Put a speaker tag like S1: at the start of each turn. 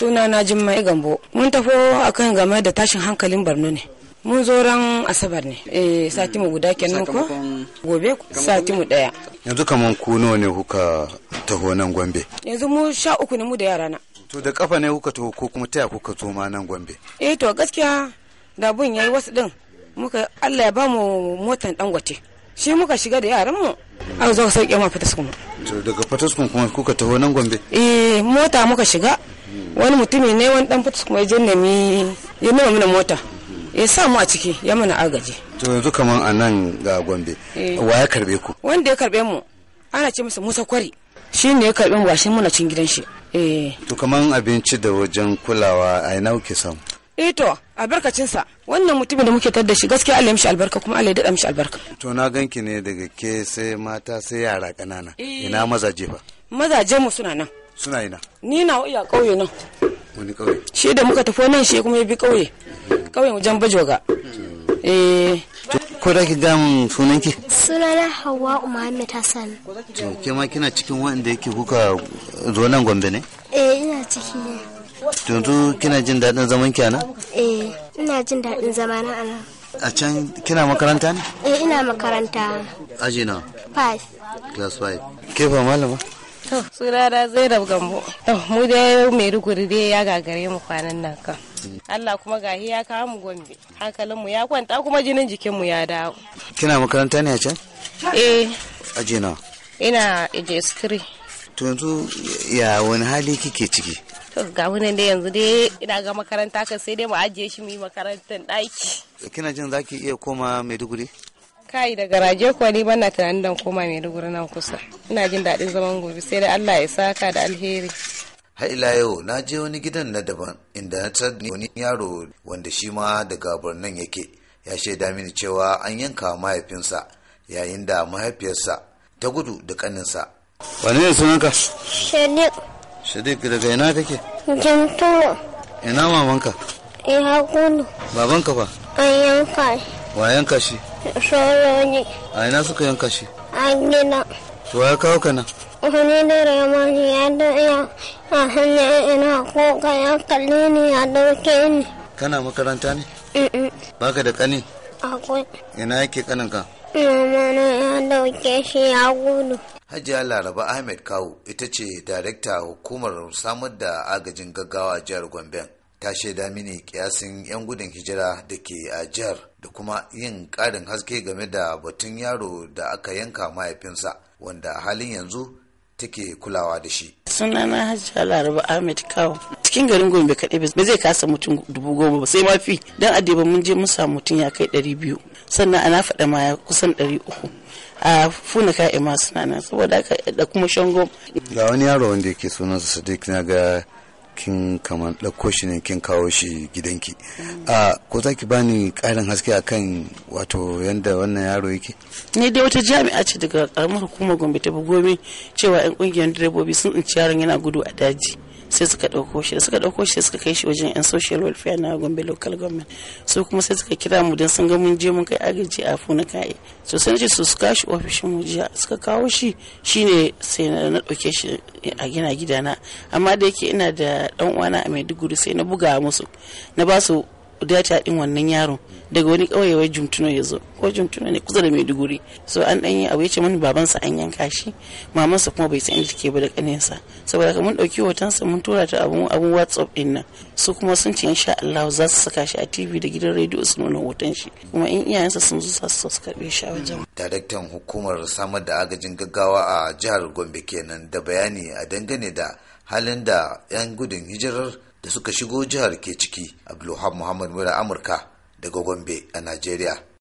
S1: suna na jimma gambo mun tafo akan game da tashin hankalin barno ne mun zo ran asabar ne eh sati mu guda kenan ko gobe sati mu daya
S2: yanzu kaman ku nawa ne kuka taho nan gombe
S1: yanzu mu sha uku ne mu da yara na
S2: to da kafa ne kuka taho ko kuma taya kuka zo ma nan gombe
S1: eh to gaskiya da bun yayi wasu din muka Allah ya bamu motan dangote shi muka shiga da yaran mu
S2: an zo sauke ma fitaskun to daga fitaskun kuma kuka taho nan gombe
S1: eh mota muka shiga wani mutumi ne wani dan fito kuma ya nemi ya nuna mana mota ya sa mu a ciki ya mana agaji
S2: to yanzu kaman a nan ga gombe eh. wa ya karbe ku
S1: wanda ya karbe mu ana ce masa musa kwari shi ne ya karbe mu mu na cin gidan shi eh
S2: to kaman abinci da wajen kulawa a yi kuke samu
S1: eh to albarkacin sa wannan mutumin da muke tada shi gaskiya Allah ya mishi albarka kuma Allah ya dada mishi albarka
S2: to na ganki ne daga ke sai mata sai yara kanana eh. ina mazaje fa mazaje mu suna nan suna na.
S1: ni na iya ƙauye nan
S2: wani kauye shi da muka tafi nan shi kuma ya bi ƙauye
S1: mm-hmm. ƙauye wajen bajoga mm-hmm.
S2: eh ko da ki ga sunan ki
S3: sunana hawa ta hassan
S2: to mm. ke ma kina cikin wanda yake kuka zo nan gombe ne
S3: eh ina ciki ne
S2: yanzu kina jin daɗin zaman ki anan
S3: eh ina jin daɗin zama na anan
S2: a can kina makaranta ne
S4: eh ina makaranta aji na 5
S2: class 5 ke fa malama
S4: To, sunana Zainab Gambo. To, mu dai Maiduguri dai ya gagare mu kwanan nan kan. Allah kuma gahi ya kawo mu Gombe. Hankalinmu ya kwanta kuma jinin jikinmu ya dawo.
S2: Kina makaranta ne a can? Eh. Aje nawa?
S4: Ina ajes sikiri.
S2: To yanzu ya wani hali kike ciki?
S4: To ga wani dai yanzu dai ina ga makaranta kan sai dai mu ajiye shi mu yi makarantar ɗaki.
S2: Kina jin zaki iya koma Maiduguri?
S4: Kai daga Raje kuwa ni bana tunanin dan koma Maiduguri nan kusa. Ina jin daɗin zaman gobe sai da Allah ya saka da alheri.
S2: Ha ila yau na je wani gidan na daban inda na tar wani yaro wanda shi ma daga birnin yake ya shaida mini cewa an yanka mahaifinsa yayin da mahaifiyarsa ta gudu da kaninsa wane ne sunanka
S1: shadiq
S2: shadiq daga ina kake
S1: janturo
S2: ina mamanka
S1: ina eh, gudu babanka ba an yanka Wa yanka shi? Shoroni.
S2: A ina suka yanka shi?
S1: A gida.
S2: Wa ya kawo kana?
S1: Wani da ramani ya daya a hannun ina ko ka ya kalli ni ya dauke ni.
S2: Kana makaranta ne? Baka da kani? Akwai. Ina yake ka?
S1: Mama na ya dauke shi ya gudu.
S2: Hajiya Laraba Ahmed Kawu ita ce darekta hukumar samar da agajin gaggawa jihar Gombe. ta shaida mini kiyasin 'yan gudun hijira da ke a jihar da kuma yin ƙarin haske game da batun yaro da aka yanka mahaifinsa wanda halin yanzu take kulawa da shi. sunana hajji
S3: laraba ahmed kawo cikin garin gombe kaɗai ba zai kasa mutum dubu goma ba sai mafi don adeba mun je mun mutum ya kai ɗari biyu sannan ana faɗa ma ya kusan ɗari uku a funa ka'i ma suna saboda da
S2: kuma shangon ga wani yaro wanda yake sunansa sadiq na ga kin kamar ɗauko shi ne kin kawo shi gidanki a ko za ki bani ƙarin haske akan wato yadda wannan yaro yake
S3: ne dai wata jami'a
S2: ce daga karamar hukumar gombe ta
S3: bugome cewa 'yan ƙungiyar direbobi sun tsinci yaron yana gudu a daji sai suka ɗauko shi da suka ɗauko shi sai suka kai shi wajen yan social welfare na gombe local government su kuma sai suka kira mu don sun ga mun je mun kai agaji a funa ka'e so sai ce su suka shi ofishin mu jiya suka kawo shi shine sai na ɗauke shi a gina gidana amma da yake ina da ɗan uwana a maiduguri sai na buga musu na ba su data haɗin wannan yaron daga wani kauye wai jumtuno ya zo ko jumtuno ne kusa da maiduguri so an dan yi abu ce mani babansa an yanka shi mamansa kuma bai san inda take ba da kaninsa saboda kamar dauki hotonsa mun tura ta abun abun whatsapp din nan su kuma sun ce insha Allah za su saka shi a TV da gidan rediyo su nuna hoton shi kuma in iyayensa sun zo su su karbe shi a wajen
S2: daraktan hukumar samar da agajin gaggawa a jihar Gombe kenan da bayani a dangane da halin da 'yan gudun hijirar da suka shigo jihar ke ciki Abdullahi muhammad mura amurka daga gombe a najeriya